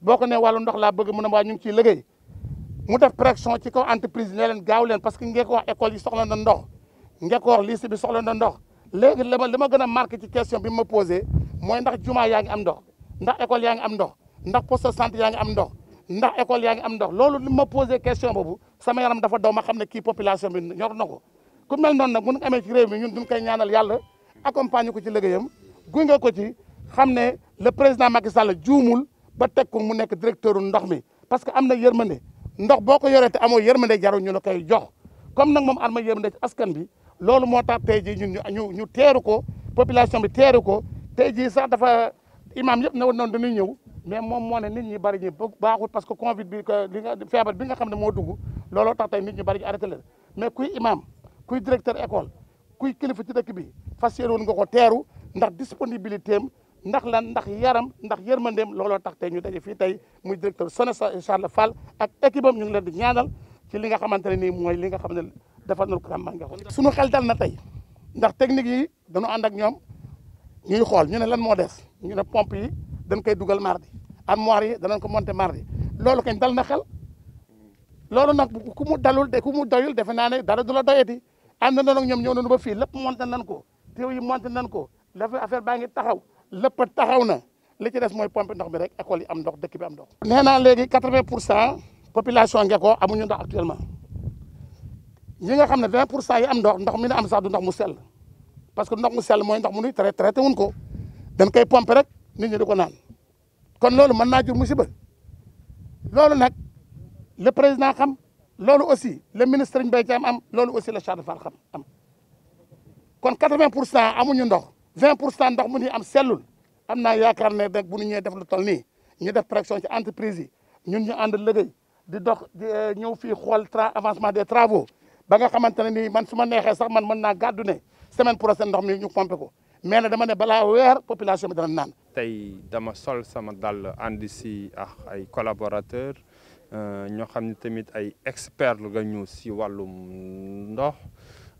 boo ko nee wàllu ndox laa bëgg mu ne waa ñu ngi ciy liggéey mu def pression ci kaw entreprise ne leen gaaw leen parce que Ngekoor école yi soxla na ndox Ngekoor lycée bi soxla na ndox léegi li ma li ma gën a marqué ci question bi ma posé mooy ndax jumaa yaa ngi am ndox ndax école yaa am ndox ndax poste de santé yaa ngi am ndox ndax école yaa ngi am ndox loolu li ma posé question boobu sama yaram dafa daw ma xam ne kii population bi ñor na ko ku mel noonu nag bu ñu amee ci réew mi ñun duñ koy ñaanal yàlla accompagner ko ci liggéeyam gunge ko ci xam ne le président Macky Sall juumul ba teg ko mu nekk directeur ndox mi parce que am na yërmande ndox boo ko yoree te amoo yërmande jaru ñu la koy jox comme nag moom am ma yërmande ci askan bi loolu moo tax tey jii ñun ñu ñu teeru ko population bi teeru ko tey jii sax dafa imaam yëpp ne woon noonu dañuy ñëw mais moom moo ne nit ñi bari ñu baaxul parce que Covid bi li nga feebar bi nga xam ne moo dugg looloo tax tey nit ñi bari ñu arrêté leen mais kuy imaam kuy directeur école kuy kilifa ci dëkk bi fas yéene woon nga ko teeru ndax disponibilité am ndax lan ndax yaram ndax yërmandeem looloo tax tey ñu daje fii tey muy directeur SONES Charles Fall ak équipe ñu ngi leen di ñaanal ci li nga xamante ne nii mooy li nga xam ne defar na ko Kambanga suñu xel dal na tey ndax technique yi dañu ànd ak ñoom ñuy xool ñu ne lan moo des ñu ne pompe dañ koy dugal mardi armoire yi danañ ko monter mardi loolu kañ dal na xel loolu nag ku mu dalul de ku mu doyul defe naa ne dara du la doyati ànd na ñoom ñëw nañu ba fii lépp monter nañ ko téew yi monter nañ ko dafa affaire baa ngi taxaw lépp taxaw na li ci des mooy pompe ndox bi rek école yi am ndox dëkk bi am ndox. nee naa léegi quatre-vingt pour cent population Ngeko amuñu ndox actuellement yi nga xam ne vingt pour cent yi am ndox ndox mi ne am sax du ndox mu sell parce que ndox mu sell mooy ndox mu nuy traité traité wuñ ko dañ koy pompe rek nit ñi di ko naan kon loolu mën naa jur ba loolu nag le président xam loolu aussi le ministre Mbaye Thiam am loolu aussi le Charles Fall xam am kon quatre-vingt pour cent amuñu ndox. 20 pour cent ndox mu ni am sellul am naa yaakaar ne nag bu ñu ñëwee def lu toll nii ñu def pression ci entreprise yi ñun ñu ànd liggéey di dox eh, ñëw fii xool tra avancement des travaux ba nga xamante ne nii man su ma neexee sax man man naa gàddu ne semaine prochaine ndox mi ñu pompé ko mais nag dama ne balaa weer population bi dana naan. tey dama sol sama dàll ànd si ak ay collaborateurs euh, ñoo xam ne tamit ay experts la ñu si wàllum ndox.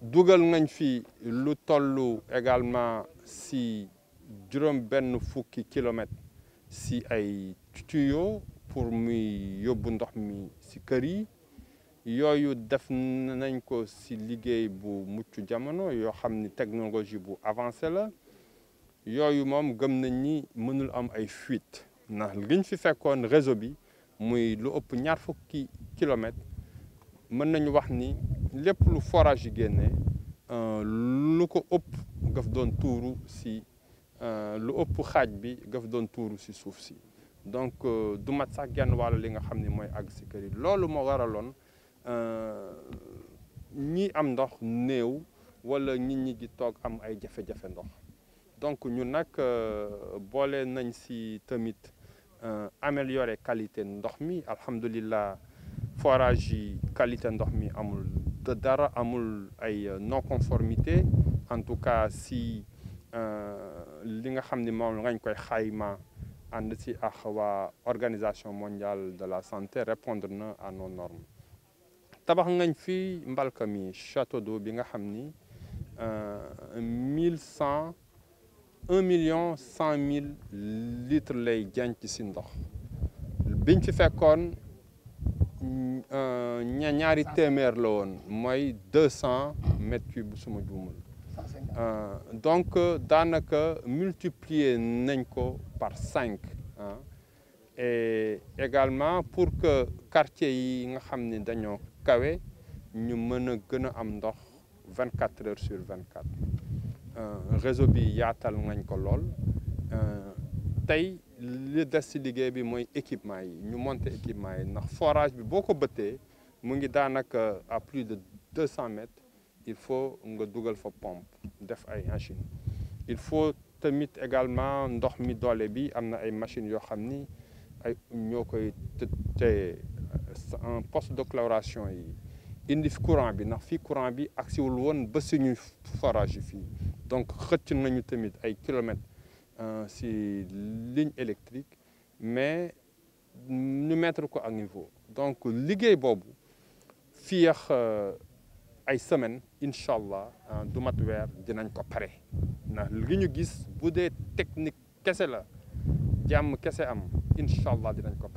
dugal avons fi également si juróom benn fukki si pour nous yóbbu mi si kër si bu muccu jamono yo xamni technologie bu avancée la yooyu de!", mënul am ay fuite na liñ fi fekkone réseau bi lu lépp lu forage yi euh, lu ko ëpp si euh, lu ëpp xaaj bi si suuf si donc euh, du mat sax genn wàll li nga xam ne mooy àgg si kër yi loolu ñi am ndox wala am ay ndox donc ñu nañ si tamit améliorer qualité ndox mi forage qualité ndox mi amul te dara amul ay euh, non conformité en tout cas si euh, li nga xamni ni moom ngañ koy xayma and ci ak organisation mondiale de la santé répondre na à nos normes tabax ngañ fi mbalka château d'eau bi nga xamni ni 1 euh, million 100 000 litres lay jànc ci ndox biñ ci fekkone euh, ñaari témèr la 200 mètres cubes suma euh, donc euh, danaka multiplier par 5 hein. et également pour que quartier quartiers nga xamni dañoo kawé ñu mëna gëna 24 heures sur 24 Le réseau bi très nañ le des ci liggéey bi moy équipement yi ñu monter équipement yi forage bi boko ko mu ngi danaka à plus de 200 mètres il faut nga dougal fa pompe def ay machine il faut tamit également ndox mi doole bi amna ay machine yo xamni ay ñokoy koy un poste de chloration yi indi fi courant bi nak fi courant bi agsiwul won ba suñu forage fi donc xëcc nañu tamit ay kilomètres euh, si ligne électrique mais nous mettre quoi à niveau donc liggéey Bobo, fii ak euh, ay semaine Inch'Allah, allah euh, du mat weer dinañ ko pare ndax li ñu gis bu dee technique diam la jàmm am Inch'Allah, allah dinañ ko